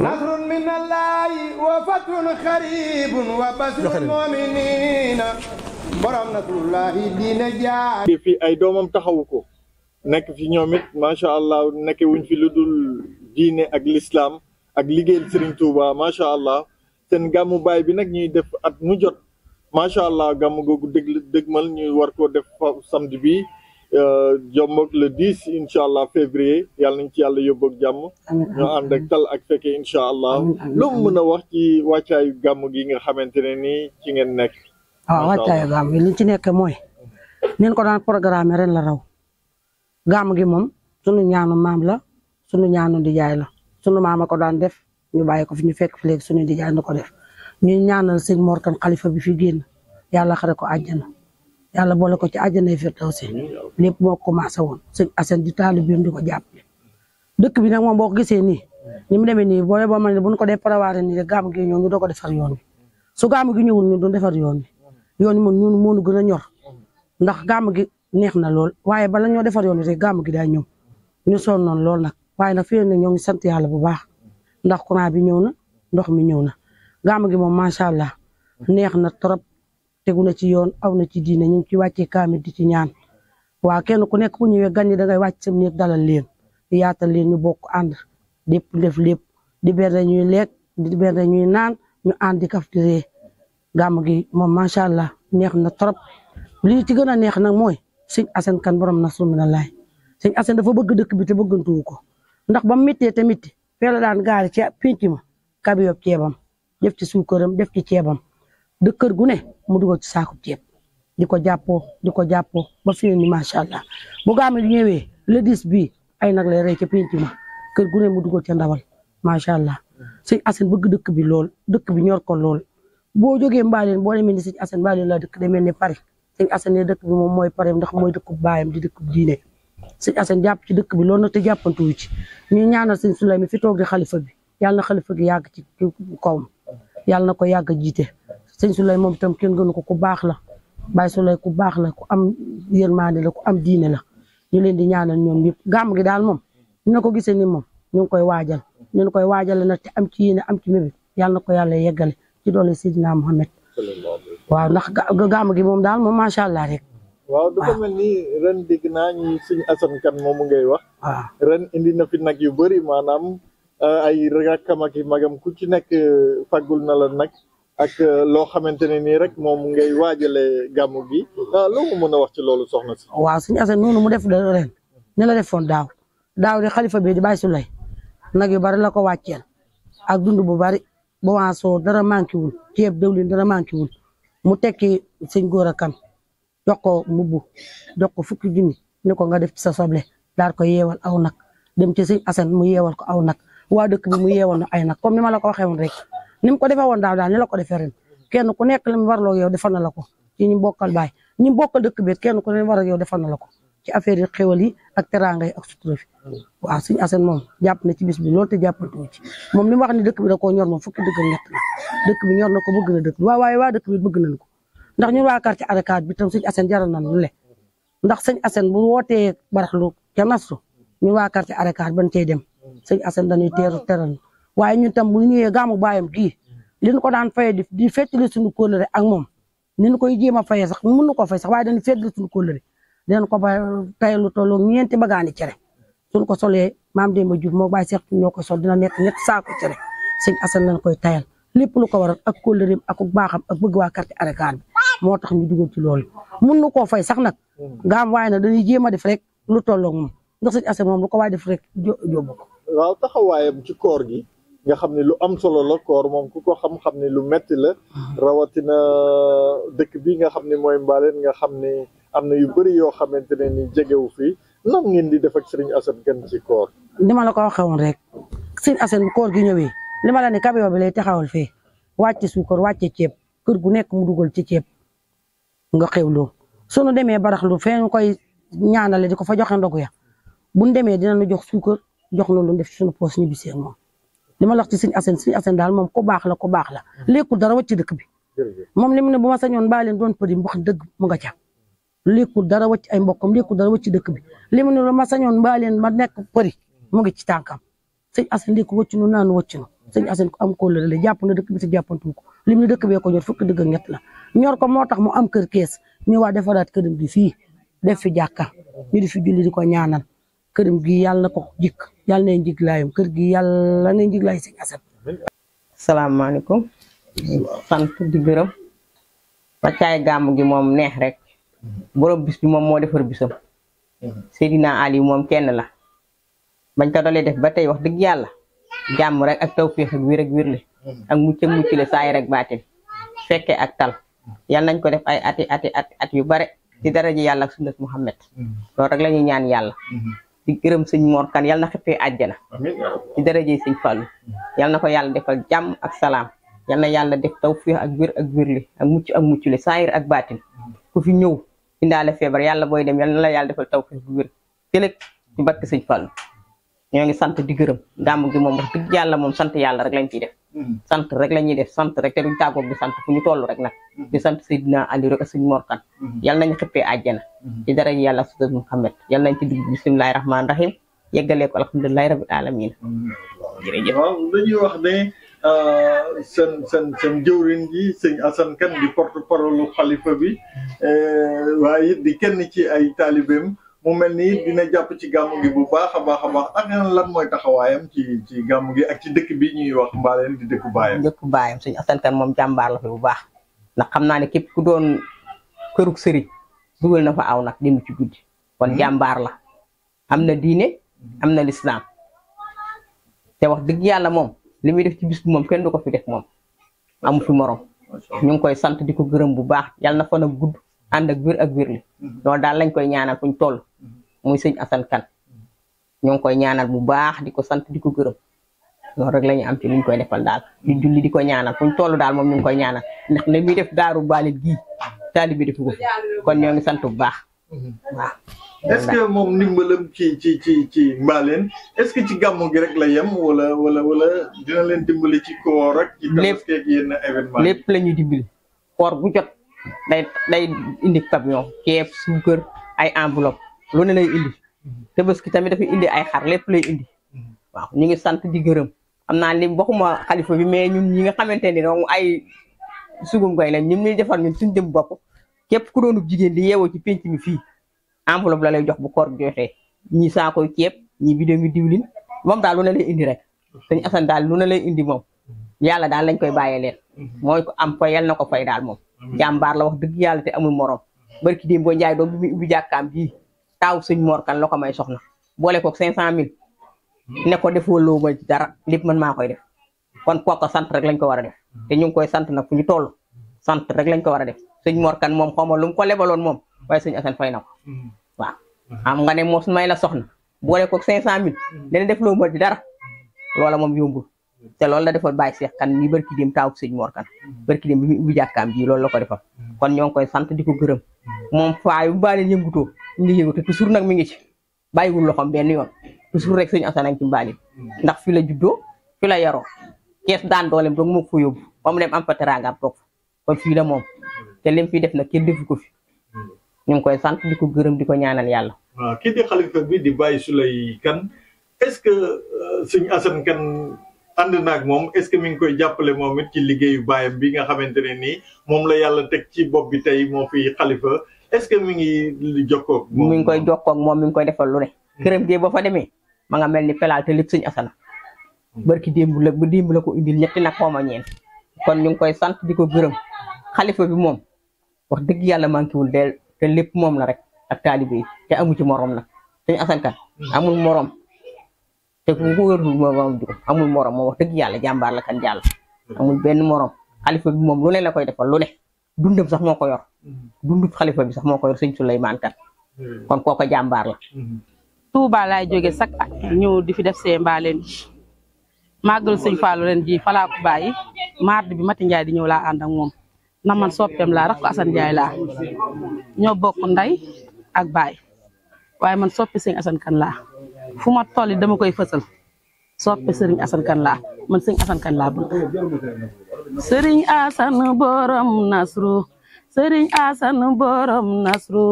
نثر من الله وفتح خريب وبسر المؤمنين برام نثر الله دين جاري في اي دومم تخوكو نك في نيوميت ما شاء الله نك وين في لدول دين اك الاسلام اك ليغيل سيرن توبا ما شاء الله سن غامو باي بي نك ني ديف ات مو جوت ما شاء الله غامو غوغو دغمل ني وار ديف سامدي بي Eh, jomboog le 10 inshallah allah février yalla nañ ci yàlla yóbboog jamm ñu and ak tal ak fekke inshallah allah lu mu mën wax ci waccay gàmm gi nga xamantene ni ci ngeen nek waaw ah, waccay gam gi li ci nek moy nin ko daan programmer ren la raw gi mom sunu ñaanu mam la sunu ñaanu jaay la sunu mama ko daan def ñu bàyyi ko fi ñu fekk sunu jaay ko def ñu ñaanal sëñ morkan khalifa bi fi genn yalla xare ko aljana yàlla boole ko ci àjjanay firdawsi lépp moo commencé woon sëñ Assane di taalu biir di ko jàppale dëkk bi boo ko gisee ni mu demee nii ni boo ma ko dee prévoir nii rek gàmm doo ko defar yoon bi su gàmm gi ñëwul ñu doon defar yoon bi yoon bi moom ñun moo ñu gën a neex na lool waaye bala ñoo defar yoon bi rek gàmm gi daa ñëw ñu sonn noonu lool nag na nag fii ne ñoo ngi sant yàlla bu baax ndax courant bi ñëw na ndox mi ñëw na gàmm gi moom macha allah neex na trop tegu na ci yoon aw na ci diine ñu ngi ci wàccee kaamit di ci ñaan waa kenn ku nekk bu ñëwee gan ñi da ngay wàcc sam ni dala leen di yaatal leen ñu bokk ànd lépp def lépp di berde ñuy lekk di berde ñuy naan ñu ànd ka kaf di ree gàmm gi moom macha allah neex na trop lii ci gën a neex nag mooy sëñ Assane na borom Nasrou Minallah sëñ Assane dafa bëgg dëkk bi te bëggantuwu ko ndax ba méttee tamit fee la daan gaari ci pénc ma kabi yob ceebam def ci suukaram def ci ceebam de kër gu ne mu dugal ci saako ceeb di ko jàppoo di ko jàppoo ba fi ni macha allah bu gaamee ñëwee le dix bi ay nag lay rey ca penc ma kër gu ne mu dugal ca ndawal macha allah sëñ Assane bëgg dëkk bi lool dëkk bi ñor ko lool boo jógee mbaaleen boo demee ni sëñ Assane mbaaleen laa dëkk demee ne pare sëñ Assane ne dëkk bi moom mooy pare ndax baayam di dëkk diine sëñ Assane jàpp ci dëkk bi lool nag te jàppantuwu ci ñu ñaanal sëñ fi toog di xalifa bi yàlla na xalifa gi yàgg ci kawam yàlla na ko yàgg jiite sëñ Souley moom itam kenn gënu ko ku baax la Baye Souley ku baax la ku am yërmande la ku am diine la ñu leen di ñaanal ñoom yëpp gàmm gi daal moom dina ko gisee ni moom ñu ngi koy waajal ñu ngi koy waajal nag te am ci yéene am ci mébét yàlla na ko yàlla yeggale ci doole Sidina Mohamed waaw ndax gàmm gi moom daal moom macha allah rek. waaw du ko mel ni ren dégg naa ñu suñu asan kan moomu ngay wax. waaw indi na fi yu bëri maanaam ay rakkam ak i magam ci nekk faggul na la nag. ak euh, loo xamante ne nii rek moom ngay waajale gàmmu gi ah, lu mu mën a wax ci loolu soxna si. waaw suñu asan noonu mu def da ren ne la defoon daaw daaw de xalifa bi di bàyyi nag yu bari la ko wàcceel ak dund bu bari ba waa soo dara manqué wul ceeb dëwlin dara manqué wul mu tekki sëñ góor a kan jox ko mbubb jox ko fukki junni ni ko nga def sa soble daal ko yeewal aw nag dem ci sëñ asan mu yeewal ko aw nag waa dëkk bi mu yeewal na ay nag comme ni la ko waxee woon ni mu ko defee woon daaw daal ni la ko defee ren kenn ku nekk li mu warloo yow defal na la ko ci ñu bokkal baay ñu bokkal dëkk bi kenn ku ne war ak yow defal na la ko ci affaire yi xéwal yi ak teraanga yi ak sutura fi waaw suñu asen moom jàpp na ci bis bi loolu te jàppatoo ci moom li wax ni dëkk bi da koo ñor moom fukki dëgg ñett la dëkk bi ñor na ko bëgg na dëkk bi waaw waaye waa dëkk bi nañ ko ndax ñun waa quartier Arcade bi tam suñu asen jaral nañ lu le ndax sëñ asen bu wootee baraxlu ca nastu ñun waa quartier Arcade ban cey dem sëñ asen dañuy teeru teral waaye ñun tam bu ñëwee gàmmu baayam gii mm. li ko daan fayee di di fettali suñu kóllëre ak moom ni ñu koy jéem a fayee sax mën na ko fay sax waaye dañu fettali suñu kóllëre ko fay tey lu toll ñeenti bagaani cere suñ ko solee maam Demba Diouf moo bàyyi seex ñoo ko sol dina nekk saako cere sëñ Assane lañ koy tayal lépp lu ko waral ak kóllëreem ak baaxam ak bëgg waa quartier Arakaat bi moo tax ñu dugal ci loolu mun na koo fay sax nag mm. gaam waaye nag dañuy jéem a def rek lu toll moom ndax sëñ Assane moom lu ko waay def rek jó jóbbu ko waaw taxawaayam ci koor gi nga xam ne lu am solo la koor moom ku ko xam-xam ne lu metti la ah. rawatina dëkk bi nga xam ne mooy mbaaleen nga xam ne am na yu bëri yoo xamante ne ni jegewu fii nan ngeen di def ak Serigne Assane Kane ci koor ni ma la ko waxewoon rek Serigne Assane koor gi ñëwee li ma la ne camion bi lay taxawal fee wàcce suukar wàcce ceeb kër gu nekk mu dugal ci ceeb nga xewloo sunu demee baraxlu fee ñu koy ñaanale di ko fa joxe ndogu ya buñ demee dinañu jox suukar jox loolu def ci sunu poos ñu li ma la wax ci sëñ Assane sëñ Assane daal moom ku baax la ku baax la lékkul dara baa leen doon përi wax dëgg mu nga ca lékkul dara wàcc ay mbokkam lékkul dara dëkk bi li mu ne lu ma sañoon baa leen ma nekk përi mu ngi ci tànkam sëñ Assane lékku wàcc nu naanu wàcc nu sëñ Assane ko am ko la jàpp na dëkk bi si jàppantu ko li mu ne dëkk bee ko ñor fukki dëgg ak ñett la ñor ko moo tax mu am kër kees ñëwaat defaraat këram gi fii def fi jàkka ñu di fi julli di ko ñaanal këram gi yàlla na ko jikk yal nañ diglayum kër gi yalla nañ diglay sëñ assalamu alaykum sant di gërëm tay gam gi mom neex rek borom bis bi mom mo defar bisam sayidina ali mom kenn la bañ ko dalé def ba tay wax deug yalla jàmm rek ak tawfiq ak wir ak ak le saay rek baatin fekke ak tal yalla nañ ko def ay ati ati at yu bare di daraja yalla ak Muhammad lo rek la ñaan yalla di gërëm sëñ Mor Kane yal na xëppee àjjana ci daraje sëñ Fallou yal na ko yàlla defal jàmm ak salaam yal na yàlla def tawfiix ak wér ak wérle ak mucc ak muccule saayir ak baatin ku fi ñëw indaale feebar yàlla booy dem yal na la yàlla defal tawfiix bu wér tëlëg ci barke sëñ Fallou ñoo ngi sant di gërëm gàmm gi moom wax dëgg moom sant yàlla rek lañ ciy def hmm. sant rek la ñuy def sant rek te duñ tàggoog di sant fu ñu toll rek nag hmm. di sant Seydina Ali rek ak suñ morkan hmm. yal nañ xippee àjjana ci dara yàlla su Muhammad yal nañ ci dugg bisimilahi rahmaani rahim yeggalee ko alhamdulilahi rabil alamin jërëjëf waaw dañuy wax ne euh, seen seen seen jëwrin ji sëñ Assane Kane di porte parole xalifa bi euh, waaye di kenn ci ay taalibeem mu mel ni dina jàpp ci gàmm gi bu baax a baax a ak lan mooy taxawaayam ci ci gàmm gi ak ci dëkk bi ñuy wax mbaaleen di dëkku baayam dëkku asankan moom jàmbaar la fi bu baax ndax xam naa ne képp ku doon këruk sëriñ dugal na fa aw nag dem ci guddi kon hmm. jàmbaar la am na diine hmm. am na lislaam te wax dëgg yàlla moom li muy def ci bis moom kenn du ko fi def moom amu fi ñu ngi koy sant di ko gërëm bu baax yàlla na fa nag gudd and ak wir ak wérli do mhm. dal lañ koy ñaanal fuñ toll mhm. muy señ Assane kan mhm. ñong koy ñaanal bu baax diko sant diko gëreum do rek lañ am ci luñ koy defal dal ñu julli diko ñaanal fuñ toll dal mom ñu koy ñaanal ndax li mi def daru baalit gi talibi def ko kon ñoo ngi sant bu baax est-ce que mom nimbalam ci ci ci ci mbalen est-ce que ci gamu gi rek la yam wala wala wala dina leen dimbali ci koor ak. ci tabaski ak yenn événement lepp lañu dimbali koor bu jot. day day indi camion keef suukar ay enveloppe lu ne lay indi te tabaski tamit dafay indi ay xar lépp lay indi waaw ñu ngi sant di gërëm xam naa li waxuma xalifa bi mais ñun ñi nga xamante ni donc ay sugum goy lañ ñun ñuy defar ñun suñ jëm bopp képp ku doonu jigéen di yeewoo ci penc mi fii enveloppe la lay jox bu kor joxee ñi saako ceeb ñi bidon mi diwlin moom daal lu ne lay indi rek sëñ Assane daal lu ne lay indi moom yàlla daal lañ koy bàyyee leen mhm. mooy am fay yal na ko fay daal moom jàmbaar la wax dëgg yàlla te amul morom mhm. barki démb boo njaay doom bi muy ubbi jàkkaam taaw suñ morkan la ko may soxna boole koog cinq cent mille mhm. ne ko defoo loo dara lépp man maa koy def kon kooka sant rek lañ ko war a def te ñu ngi koy sant nag fu ñu toll sant rek lañ ko war a def suñ morkan moom xaw ma lu mu ko lebaloon moom waaye suñu asan fay na ko waaw xam nga ne moom su may la soxna boole koog cinq cent mille dana def loo ma ci dara loola moom yombul té loolu la defal Baye Cheikh kan ni barki dem taw seigne Mor kan barki dem bi jakam bi loolu la ko defal mm. kon ñong koy sante diko gëreum mom mm. faay bu mbaaleen yëngutoo ñi ngi yëngutoo sur nak mi ngi ci bàyyiwul loxam ben yoon sur rek seigne Assane ci mbali ndax fi la juddoo fi la yaro kess daan dolem doog mo ko yob bam dem am fa teranga toog fa kon fii la mom té lim fi def nak kenn defu ko fi ñong koy sante diko gëreum diko ñaanal yalla waaw ah, kii di xalifa bi di Baye sulay kan est-ce que seigne Assane kan ànd naag moom est-ce que mi ngi koy jàppale moom it ci liggéeyu baayam bi nga xamante ne moom la yàlla teg ci bopp bi tey moo fi xalifa est-ce que mi ngi jokkoo ak moom mi ngi koy jokkoo ak moom mi ngi koy defal lu ne. Hmm. këram gii boo fa demee ma nga mel ni pelaal te lépp suñu asana. Hmm. barki démb la bu démb la ko indil ñetti nag xaw ma ñeent kon ñu ngi koy sant bi ko gërëm xalifa bi moom wax dëgg yàlla manqué wul del te lépp moom la rek ak taalibe yi te amu ci morom nag suñu asankan hmm. amul te ku ko wér moom moom wax dëgg yàlla jàmbaar la kan jàll amul benn morom xalifa moom lu ne la koy defal lu ne dundam sax moo ko yor mm-hmm. dundub xalifa bi sax moo ko yor sëñ Souleymane kan mm-hmm. kon kooko jàmbaar la mm-hmm. Touba laay jóge sak at ah, ñëw di fi def see mbaaleen ji màggal sëñ Fallou ren ji falaa ko bàyyi mardi bi Mati njaay di ñëw laa ànd ak moom na man soppeem laa rak ko Assane Ndiaye laa ñoo bokk nday ak baay waaye man soppi sëñ Assane kan laa fu ma toll dama koy fësal soppe Serigne Assane Kane laa man Serigne Assane Kane laa bëgg Serigne Assane borom nasru Serigne Assane borom nasru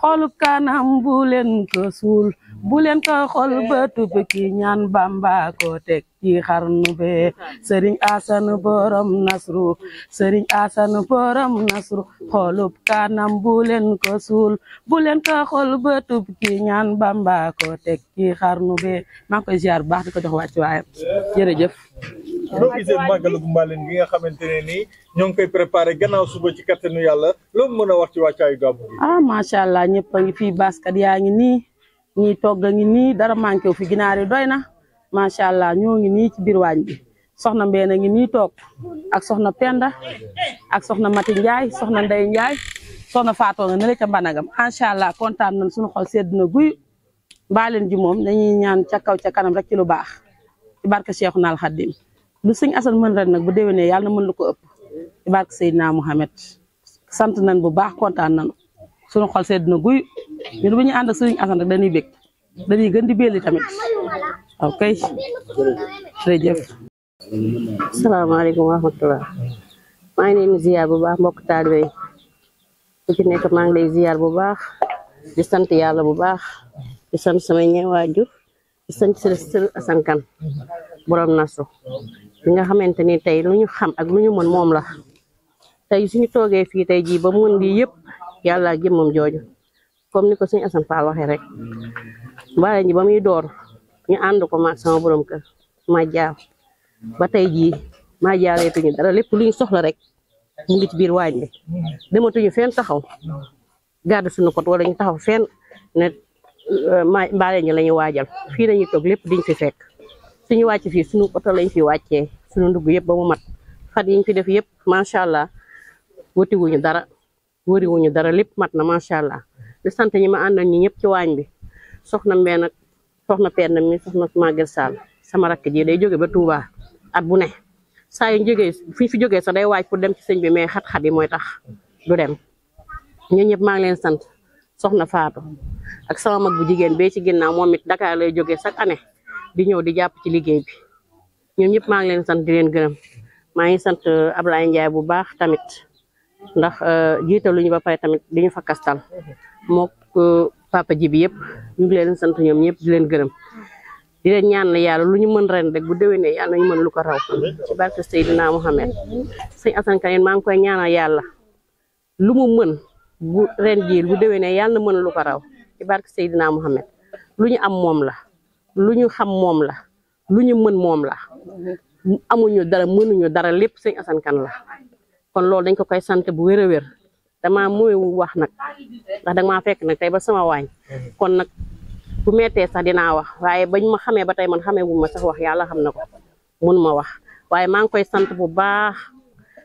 xolub kanam bu leen suul bu leen ko xol ba tubiki ñaan bamba ko tek ci xarnu be serigne asanu borom nasru serigne asanu borom nasru xolup kanam bu leen ko sul bu leen ko xol ba tubiki ñaan bamba ko tek ci xarnu be maa ngi koy ziar baax di ko jox jef waayam jërëjëf loo gisee màggalu Mbaleen gi nga xamantene ni ñong koy préparer gannaaw suba ci kattanu yalla lo mën wax ci waccay gabu ah ah sha allah ñepp nga fi fii baskat yaa ñuy toog a ngi nii dara manqué wu fi ginaar yi doy na macha allah ñoo ngi nii ci biir waañ bi soxna Mbène a ngi nii toog ak soxna Penda ak soxna Mati Ndiaye soxna Ndeye Ndiaye soxna na nga ne la ca mbanagam macha allah kontaan nañ suñu xol sedd na guy mbaaleen ji moom dañuy ñaan ca kaw ca kanam rek ci lu baax ci barke Cheikhouna Al Khadim lu sëñ Assane mën ren nag bu déwénee yàlla na mën lu ko ëpp ci barke Seydina Mouhamed sant nañ bu baax kontaan suñu xol sedd na guy mm. ñun bu ñu and ak suñu asan rek dañuy bég dañuy gën di béli tamit ok assalamu alaykum wa rahmatullah my name is ziar bu baax mbokk talibé yi ku ci nekk ma ngi lay ziar bu baax di sant yalla bu baax di sant samay ñewaajur di sant sel Assane Kane borom nasu bi nga xamanteni tay luñu xam ak luñu mën mom la tay suñu toge fi tay ji ba mën lii yépp yàlla jëmmam jooju comme ni ko suñ Assane Fall waxee rek mbaale ji ba muy door ñu ànd ko maag sama borom kër ma jaaw ba tey jii ma jaareetuñu dara lépp luñ soxla rek mu ci biir waañ bi dematuñu fenn taxaw gàddu suñu kot wala ñu taxaw fenn ne euh, ma mbaale ji waajal fii la ñuy toog lépp diñ fi fekk suñu wàcc fii suñu oto lañ fi wàccee suñu ndugg yëpp ba mu mat fat yiñ fi def yëpp macha allah wutiwuñu dara wëri wuñu dara lépp mat na macha allah di sant ñi ma àndal ñi ñëpp ci waañ bi soxna mbee nag soxna penn mi soxna Maguette Sall sama rakk di day jóge ba Touba at bu ne saa yu jógee fi fi jógee sax day waaj pour dem ci sëñ bi mais xat-xat yi mooy tax du dem ñun ñëpp maa ngi leen sant soxna Faatu ak sama mag bu jigéen bee ci ginnaaw moom it Dakar lay jógee chaque année di ñëw di jàpp ci liggéey bi ñun ñëpp maa ngi leen sant di leen gërëm maa ngi sant euh, Ablaye Ndiaye bu baax tamit ndax eh, luñu ba pare tamit diñu fa kastal mook eh, papa ji yépp ñu ngi leen sant ñom ñëpp di leen gërëm di leen ñaan la lu luñu mën ren rek bu déwénee yalla ñu mën lu ko raw ci barke sayyidina muhammad sey Assane Kane ma ngi koy ñaanal yalla lu mu mën bu ren jël bu déwénee yàlla na mën lu ko raw ci barke sayyidina muhammad lu am mom la lu xam mom la lu mën mom la amuñu dara mënuñu dara lepp sëñ Assane kan la kon loolu dañ ko koy sant bu wér a wér damaa muyu wax nag ndax danga maa fekk nag tey ba sama waañ kon nag bu mettee sax dinaa wax waaye bañ ma xamee ba tey man xamee wu ma sax wax yàlla xam na ko mun ma wax waaye maa ngi koy sant bu baax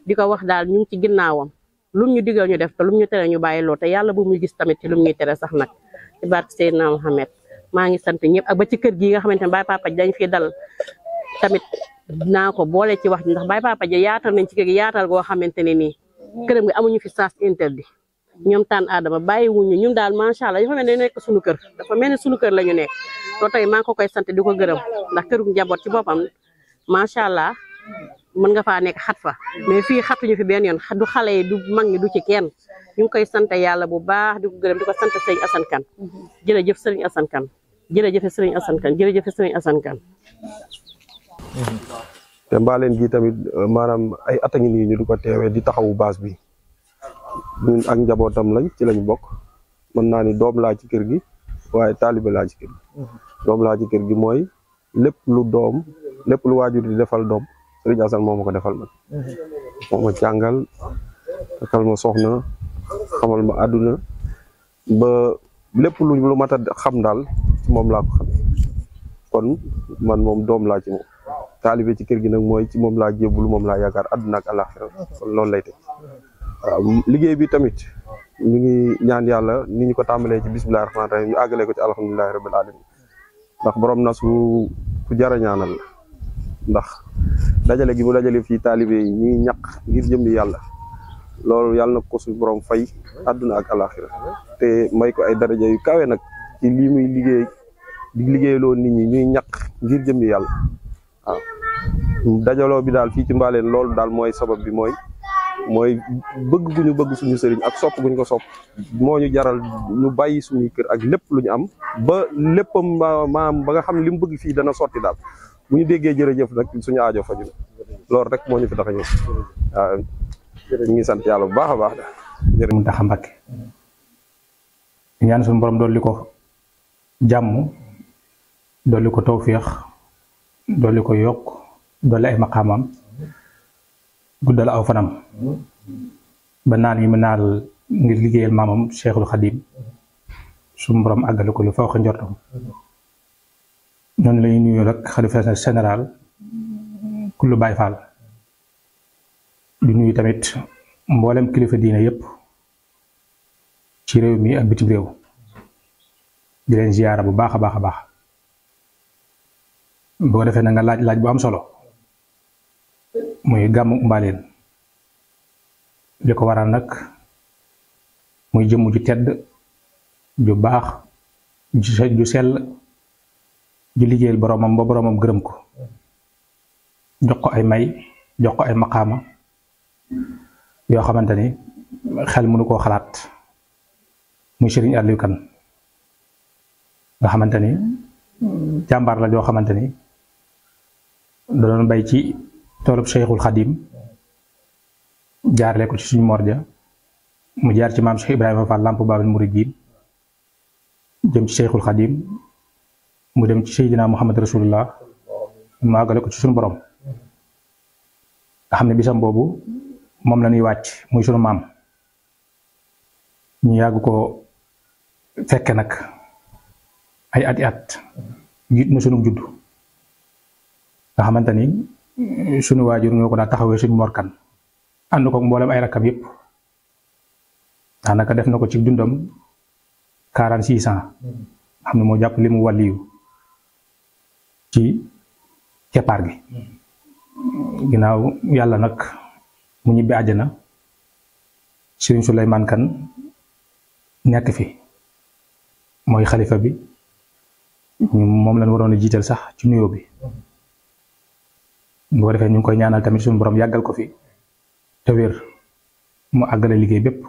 di ko wax daal ñu ngi ci ginnaawam lum ñu digal ñu def te lum ñu tere ñu bàyyi loo te yàlla bu muy gis tamit ci lum ñuy tere sax nag ci barke Seydina Mohamed maa ngi sant ñëpp ak ba ci kër gi nga xamante ne baay papa dañ fi dal dinaa ko boole ci wax ndax Baye Papa Dia yaatal nañ ci kër yaatal goo xamante ne nii këram gi amuñu fi sens interdit ñoom taan Adama bàyyiwuñu ñu daal macha allah dafa mel ne suñu kër dafa mel ne suñu kër la ñu nekk soo tey maa ngi ko koy sant di ko gërëm ndax këru njaboot ci boppam macha allah mën nga faa nekk xat fa mais fii ñu fi benn yoon du xale yi du mag ñi du ci kenn ñu ngi koy sant yàlla bu baax di ko gërëm di ko sant sëriñ mhm. Assane Kane jërëjëf sëriñ Assane Kane jërëjëf sëriñ Assane Kane jërëjëf te mbaaleen gi tamit euh, maanaam ay at a ngi nii du ko teewee di taxawu baas bi ñun ak njabootam lañ ci lañ bokk mën naa ni doom laa ci kër gi waaye taalibe laa ci kër gi doom laa ci kër gi mooy lépp lu doom lépp lu waajur di defal doom Sëriñ Asan ma ko defal man moo jàngal takkal ma soxna xamal ma àdduna lépp lu lu mat xam daal moom laa ko xamee kon man moom doom laa ci moom talibé ci kër gi nak moy ci mom la djéblu mom laa yakar aduna ak àllaaxira kon lay té waaw liggéey bi tamit ñu ngi ñaan yalla ni ñu ko tambalé ci bismillahi rahmaani rahim ñu agalé ko ci alhamdulilahi rabbil alamin ndax borom na su ku jara ñaanal la ndax dajalé gi bu dajalé fi talibé ñi ñak ngir jëm yalla loolu yalla nak ko suñu borom fay aduna ak àllaaxira te may ko ay daraja yu kawé nak ci li muy liggéey di lo nit ñi ñuy ñak ngir jëm yalla Ah. dajalo bi dal fi ci mbaaleen lol dal moy sabab bi moy moy bëgg gu ñu bëgg suñu sëriñ ak sopp gu ko sopp moñu jaral ñu bayyi suñu kër ak lepp luñu am ba leppam maam ba nga xam limu li mu bëgg fii dana sorti dal buñu déggé jërëjëf nak suñu aajo faju na rek moñu fi tax a ah, ñi sant yalla bu baaxa baax mu ñaan suñu borom dolli jamm doliko dolli dolli ko yokk dolli ay maqaamam guddal aw fanam ba naal yi mu ngir ligéyal mamam Cheikhul Khadim suñu borom agal ko lu fa wax ndortam non lay nuyu rek khalifa général kullu Baay fall di nuyu tamit mboolem kilifa diine yep ci rew mi ak bitim rew di len ziyaara bu baakha a baax bo defé na nga laaj laaj bu am solo muy gam mbalen li waral nak muy jëm ju tedd ju bax ju sell ju liggéeyal boroomam ba boroomam gërëm ko jox ko ay may jox ko ay maqama yo xamante xel mënu ko xalaat muy Serigne Aliou kan nga jambar la da bay ci toolub Cheikhul Xadim jaarale ko ci suñu morja mu jaar ci maam Cheikh Ibrahima Fall Lamp Baabul Muridiin jëm ci Cheikhul Xadim mu dem ci Seydina Muhammad Rasulullah mu àggale ko ci suñ borom nga xam ne bisam boobu moom la ñuy wàcc muy suñu maam ñu yàgg ko fekke nag ay at at jiit sunu judd nga xamanteni suñu sunu waajur ñoo ko daa morkan and ko mbolam ay rakam yépp daanaka def nako ci dundam 4600 amna mo japp limu waliyu jàpp ci keppaar gi ginaaw yalla nak mu ñibbi aljana sëriñ Souleymane kan nekk fi moy khalifa bi mom lañ waroon jital sax ci nuyo bi bu defé ñu koy ñaanal tamit suñu borom yagal ko fi te wër mu àggale liggéey bépp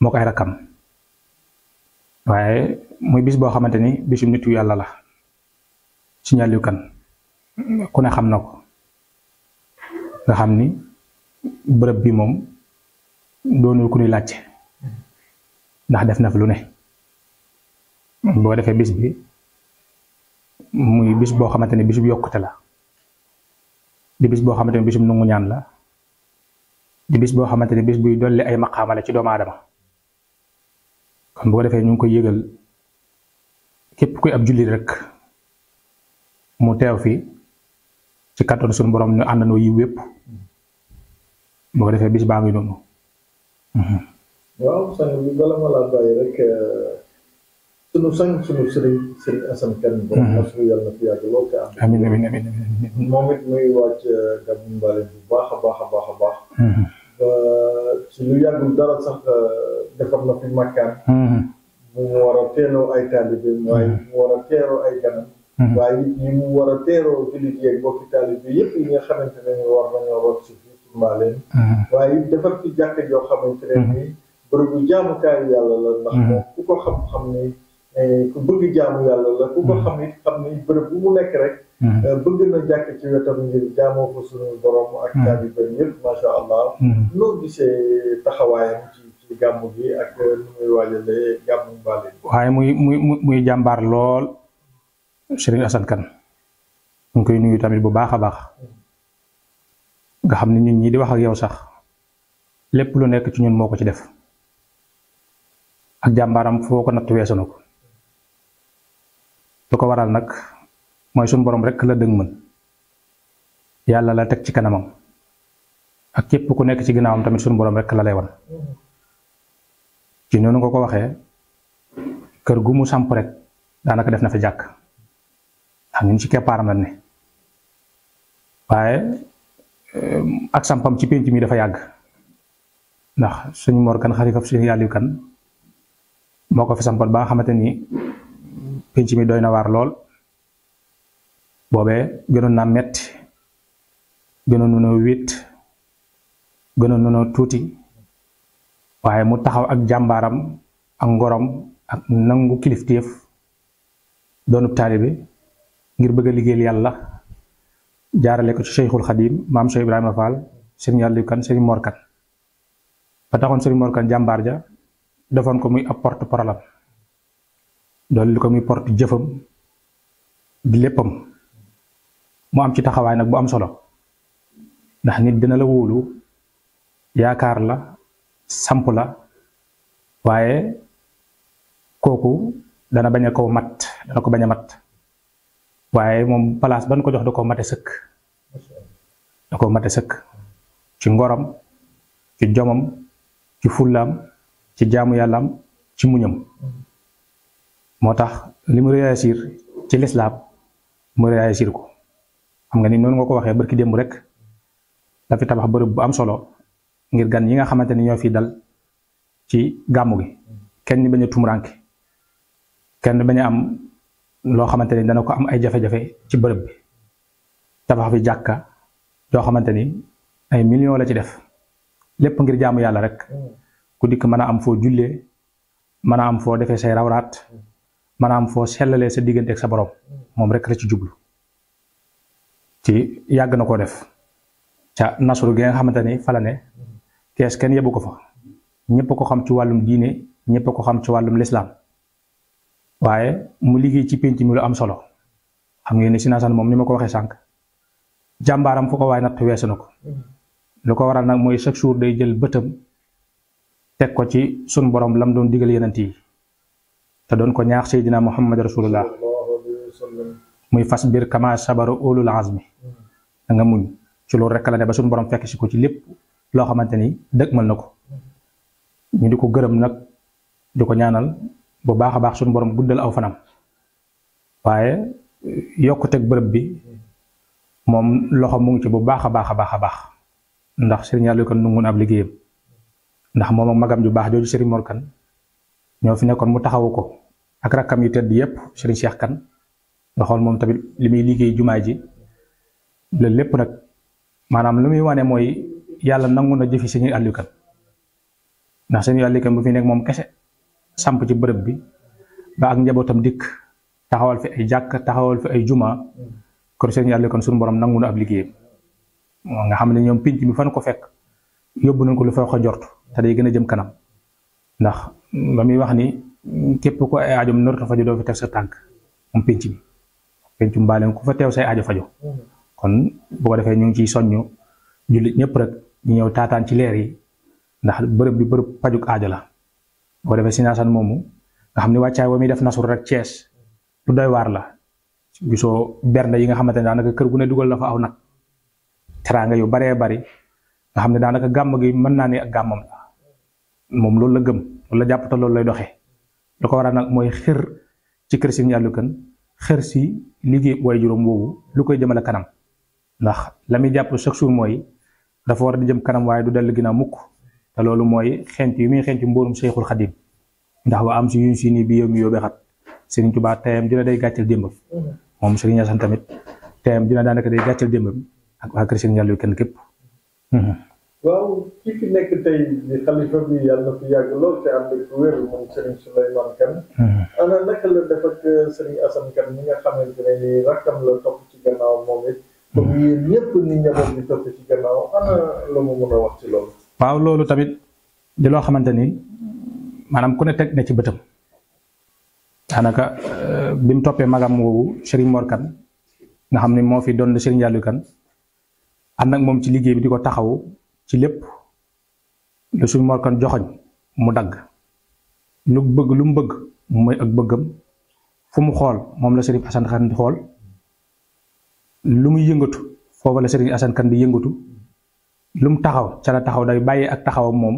mo ko ay rakam waaye muy bis boo xamante ni bisum nitu yàlla la ci ñàlliw kan ku ne xam na ko nga xam ni bërëb bi moom doonul ku ni laajte ndax def na fi lu ne boo defee bis bi muy bis boo xamante ni bisub yokkute la di bis boo xamante ne bisum nungu ñaan la di bis boo xamante ne bis buy dolli ay maqaama la ci doomu aadama kon bu ko defee ñu ngi koy yëgal képp kuy ab julli rek mu teew fi ci kàttan suñu borom ñu àndandoo yi wépp bu ko defee bis baa ngi noonu. waaw sëñ bi bala ma laa bàyyi rek. Euh, sunu sang sunu sëriñ sëriñ Assane Kane. borom mhm. na suñu yàlla na fi yàgg lool te am. amiin amiin amiin amiin. moom it muy wàcc Gamou Mbale mhm. bu baax a baax a baax a baax. ci lu yàggul dara sax defar na fi makkaan. mu mhm. war a teeloo ay taalibe waaye mu war a teeroo ay ganam. waaye ñi mu war a teeroo jullit yeeg bokki taalibe yëpp yi nga xamante ne war nañoo root si fii ci Mbaaleen. waaye defar fi jàkk joo xamante ne nii bërëbu jaamukaay yàlla la. ndax moom ku ko xam-xam ni. Eh, ku bëgg jaamu yàlla la ku ko hmm. xam it xam ni mu nekk hmm. eh, bëgg na jàkk ci wetam ngir jaamoo ko suñu borom ak jaabi hmm. yëpp macha allah noo gisee taxawaayam ci gàmm gi ak eh, nu muy waajalee gàmmu mbaale waaye muy muy muy jàmbaar lool Serigne Assane Kane ñu koy nuyu tamit bu baax a baax nga xam ne nit ñi di wax ak yow sax lépp lu nekk ci ñun moo ko ci def ak jàmbaaram foo ko natt weesu na ko lu ko waral nag mooy suñu borom rek la dëgmal yàlla la teg ci kanamam ak képp ku nekk ci ginnaawam tamit suñu borom rek la lay wan ci noonu nga ko waxee kër gu mu samp rek daanaka def na fi jàkk ndax ñun ci keppaaram la ne waaye eh, ak sampam ci pénc mi dafa yàgg ndax suñu mor kan xarifab suñu yàlliw kan moo ko fi sampal ba nga xamante pénc mi doy na waar lool boobee gënoon naa metti gënoon nunoo wét gënoon nunoo tuuti waaye mu taxaw ak jàmbaaram ak ngorom ak nangu kilifteef doonub taalibe ngir bëgg a liggéeyal yàlla jaarale ko ci Cheikhul Xadim maam Cheikh Ibrahima Fall sëriñ Aliou Kan sëriñ Mor ba taxoon sëriñ Mor jàmbaar ja defoon ko muy ab porte-parole dolli ko muy porte jëfam di leppam mu am ci taxawaay nag bu am solo ndax nit dina la wóolu yaakaar la samp la waaye kooku dana bañ a ko mat dana ko bañ a mat waaye moom place ban ko jox da koo mate sëkk da koo mate sëkk ci ngorom ci jomam ci ci jaamu yàllaam ci muñam motax limu li réagir ci l'islam mu réagir ko xam nga ni non nga ko waxe barki dembu rek dafi tabax bu am solo ngir gan yi nga xamanteni ñoo fi dal ci gamu gi kenn ni a tumranké kenn bañ am lo xamanteni dana ko am ay jafe-jafe ci bërëb bi tabax fi jakka yoo xamanteni ay millions la ci def lepp ngir jaamu yalla rek ku dik mën am fo jullee mën am fo defee say rawrat maanaam foo sellalee sa diggante ak sa borom moom rek la ci jublu ci yàgg na koo def ca nasru gi nga xamante ni fa la ne kees kenn yebu ko fa ñëpp ko xam ci wàllum diine ñëpp ko xam ci wàllum lislaam waaye mu liggéey ci pénc mi lu am solo xam ngeen ni si nasan moom ni ma ko waxee sànq jàmbaaram fu ko waay natt weesu na ko lu ko waral nag mooy chaque jour day jël bëtam teg ko ci sun borom lam doon digal yeneen yi ta don ko ñaax sayidina muhammad rasulullah muy fas bir kama sabaru ulul azmi nga muñ ci lu rek la ne ba sun borom fekk si ko ci lepp lo xamanteni ni mal nako ñu diko gëreem nak diko ñaanal bu baaxa baax sun borom guddal aw fanam waye yokkuteeg bërëb bi mom loxo mu ngi ci bu baaxa baaxa baaxa baax ndax serigne ko nungun ab liggéeyam ndax mom ak magam ju baax joju serigne morkan ñoo fi nekkoon mu taxawu ko ak rakam yu tedd yépp Serigne Cheikh Kan nga xool moom tamit li muy liggéey jumaa ji la lépp nag maanaam lu muy wane mooy yàlla nangu na jëfi sëriñ Aliou Kan ndax Aliou Kan bu fi nekk moom kese samp ci bërëb bi ba ak njabootam dikk taxawal fi ay jàkk taxawal fi ay juma kon sëriñ Aliou Kan suñu borom nangu na ab liggéeyam nga xam ne ñoom pinc bi fan ko fekk yóbbu nañ ko lu fay ko day gën jëm kanam ndax bami wax ni kep ko ay aajo nur ta faju doo fi tek sa tank mom pencim pencum balen ku fa tew say aajo fajo kon bu ko defé ñu ci soñu julit jullit rek ñu ñew taataan ci leer yi ndax bërepp bi bërepp pajuk aajo la bu defé defee sinaasan moomu nga xamni waccay wami wa def nasur rek ties du doy war la gisoo bernde yi nga xamante ne daanaka kër gu ne dugal la fa aw nak teranga yu bare bare nga xamni ne daanaka gi man na ni gamam la moom loolu la gëm loolu la jàpp loolu lay doxee lu ko waral nag mooy xër ci kër si ñàllu kan xër si liggéey way juróom boobu lu koy jëmale kanam ndax la muy jàpp chaque jour mooy dafa war di jëm kanam waaye du dellu ginnaaw mukk te loolu mooy xent yu muy xent mbóorum Seexul Xadiim ndax wa am si yuñ si nii bi yow mi yóbbee xat Sëriñ Tuubaa tayam dina day gàccal démbam moom Sëriñ Asan tamit tayam dina daanaka day gàccal démbam ak waa kër si ñàllu kan képp waaw ki fi nekk tey di xalifa bi yàlla na fi yàgg lool te ànd ak wér moom Serigne Souleymane Kane. ana naka la def ak Serigne Assane Kane mi nga xamante ne nii rakkam lo topp ci gannaaw moom it. comme yéen ñëpp ni njaboot bi topp ci gannaaw ana lo mo mën a wax ci loolu. waaw loolu tamit di loo xamante manam maanaam ku ne teg na ci bëtam daanaka euh, bi mu magam Serigne Mor nga xam ne fi don Serigne Diallo Kane ànd ak mom ci liggéey bi diko taxaw ci lépp lu suñ Mor Kane mu dagg lu bëgg lu mu bëgg mooy ak bëggam fu mu xool moom la Serigne Assane Kane di xool lu muy yëngatu foofa la Serigne Assane Kane di yëngatu lu mu taxaw ca la taxaw day bàyyi ak taxawam moom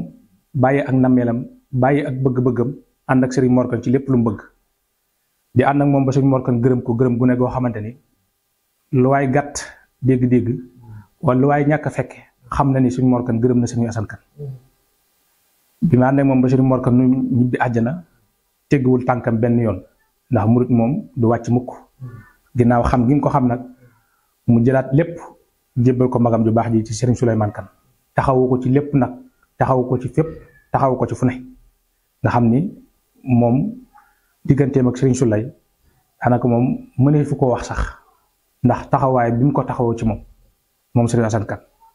bàyyi ak nammeelam bàyyi ak bëgg-bëggam ànd ak Serigne morkan ci lépp lu mu bëgg di ànd ak moom ba Serigne morkan ko gërëm gu ne goo xamante lu waay gàtt dégg-dégg wala lu waay ñàkk xam na ni suñ Mor gërëm na suñu Assane Kane bi ma ànd ak moom ba suñu Mor Kane nu ñibbi àjjana tegguwul tànkam benn yoon ndax murit moom du wàcc mukk ginnaaw xam gi nga ko xam nag mu jëlaat lépp jébbal ko magam ju baax ji ci Serigne Souleymane Kane taxawu ko ci lépp nag taxawu ko ci fépp taxawu ko ci fu ne nga xam ni moom digganteem ak Serigne Souley xanaka moom mënee ko wax sax ndax taxawaay bi mu ko taxawoo ci moom moom Serigne Assane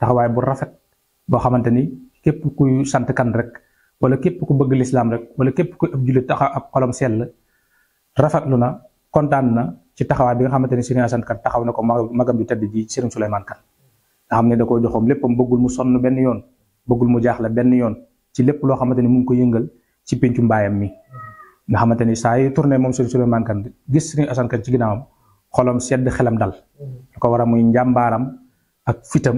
taxaway bu rafet bo xamanteni ni ku sant kan rek wala kep ku bëgg l'islam rek wala kep ku ab jullit taxaw ab xolam sel rafet na contane na ci taxaway bi nga xamanteni Serigne Assane taxaw nako magam ju tedd ji Serigne kan, kan nga xamne da ko joxom leppam bëggul mu sonn ben yoon bëggul mu jaaxle ben yoon ci lepp lo xamanteni mu ngi ko yëngal ci pencu mbayam mi nga xamanteni say tourner mom Serigne gis Serigne Assane kan ci xolam sedd xelam dal mm-hmm. ko wara muy njambaram ak fitam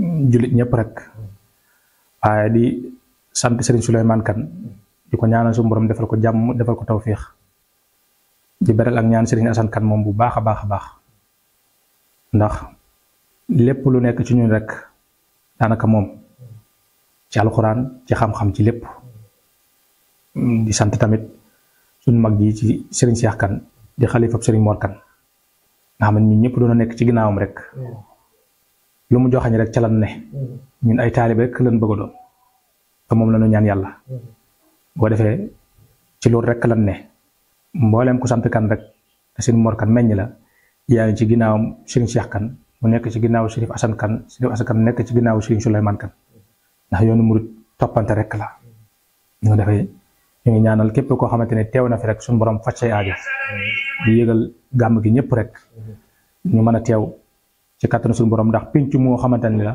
julit ñep rek waaye ah, di sante Serigne Souleymane kan di ñaanal suñu borom defal ko jamm defal ko tawfiq di beral ak ñaan Serigne Assane kan mom bu baakha baakha baax ndax lepp lu nekk ci ñun rek danaka mom ci alquran ci xam-xam ci lepp di sante tamit sun mag di ci Serigne Cheikh kan di khalifa Serigne Mor kan nga xam ne ñun do na nekk ci ginaawum rek lu mu joxagne rek ci lan ne mm-hmm. ñun ay talib rek lañ bëgg do te mom lañu ñaan yalla mm-hmm. bo defé ci lu rek lañ ne mbolem ku sant kan rek seen mor kan meñ la yaa ci ginaaw Serigne Cheikh kan mu nekk ci ginaaw Serif Assane kan Serif Assane kan nekk ci ginaaw Serigne Souleymane kan ndax yoonu murid toppante rek la ñu defé ñu ñaanal képp ko xamantene téw na fi rek suñu borom faj aaje mm-hmm. di yëgal gam gi ñëpp rek ñu mëna téw ci kàttanu suñu borom ndax pénc moo xamante ni la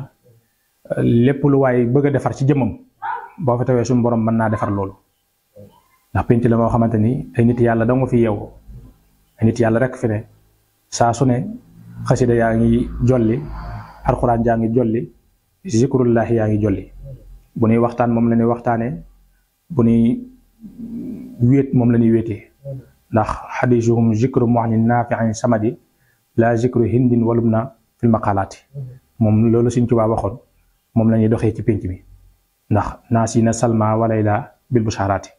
lépp lu waaye bëgg a defar ci jëmmam boo fa tawee suñu borom mën naa defar loolu ndax pénc la moo xamante ni ay nit yàlla danga fi yeewoo ay nit yàlla rek fi ne saa su ne xasida yaa ngi jolli alxuraan jaa ngi jolli zikrullahi yaa ngi jolli bu nuy waxtaan moom la ñuy waxtaanee bu nuy wéet moom la ñuy wéetee ndax xadisuhum zikru muhnin naafiin samadi la zikru hindin walum na fil maqalaati mom lolu seigne touba waxoon mom lañuy doxé ci penc mi ndax nasina salma walayla bil busharaati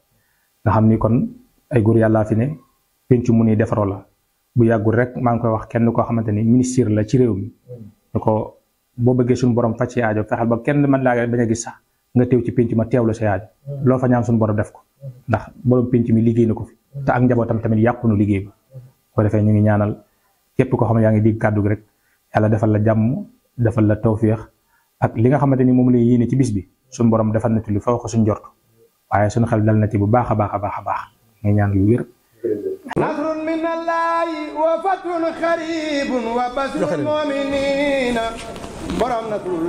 nga xamni kon ay góor yalla fi ne penc mu ni defaro la bu yagul rek koy wax kenn ko xamanteni ministre la ci rew mi ko boo bëggee borom fa ci aajo fexeel ba kenn man la baña gis sax nga tew ci penc ma tew la ci aajo lo fa ñaan sun borom def ko ndax borom penc mi liggéey nako fi ta ak njabotam tamit nu liggéey ba ko defé ñu ngi ñaanal kep ko xam ngi rek yàlla defal la jàmm defal la tawféex ak li nga xamante ni moom lay yéene ci bis bi suñ boroom defal na ci lu faw ko suñ jortu waaye suñ xel dal na ci bu baax a baax a baax a baax ngay ñaan lu wér. nasrun min allahi wa fatun xaribun wa basirul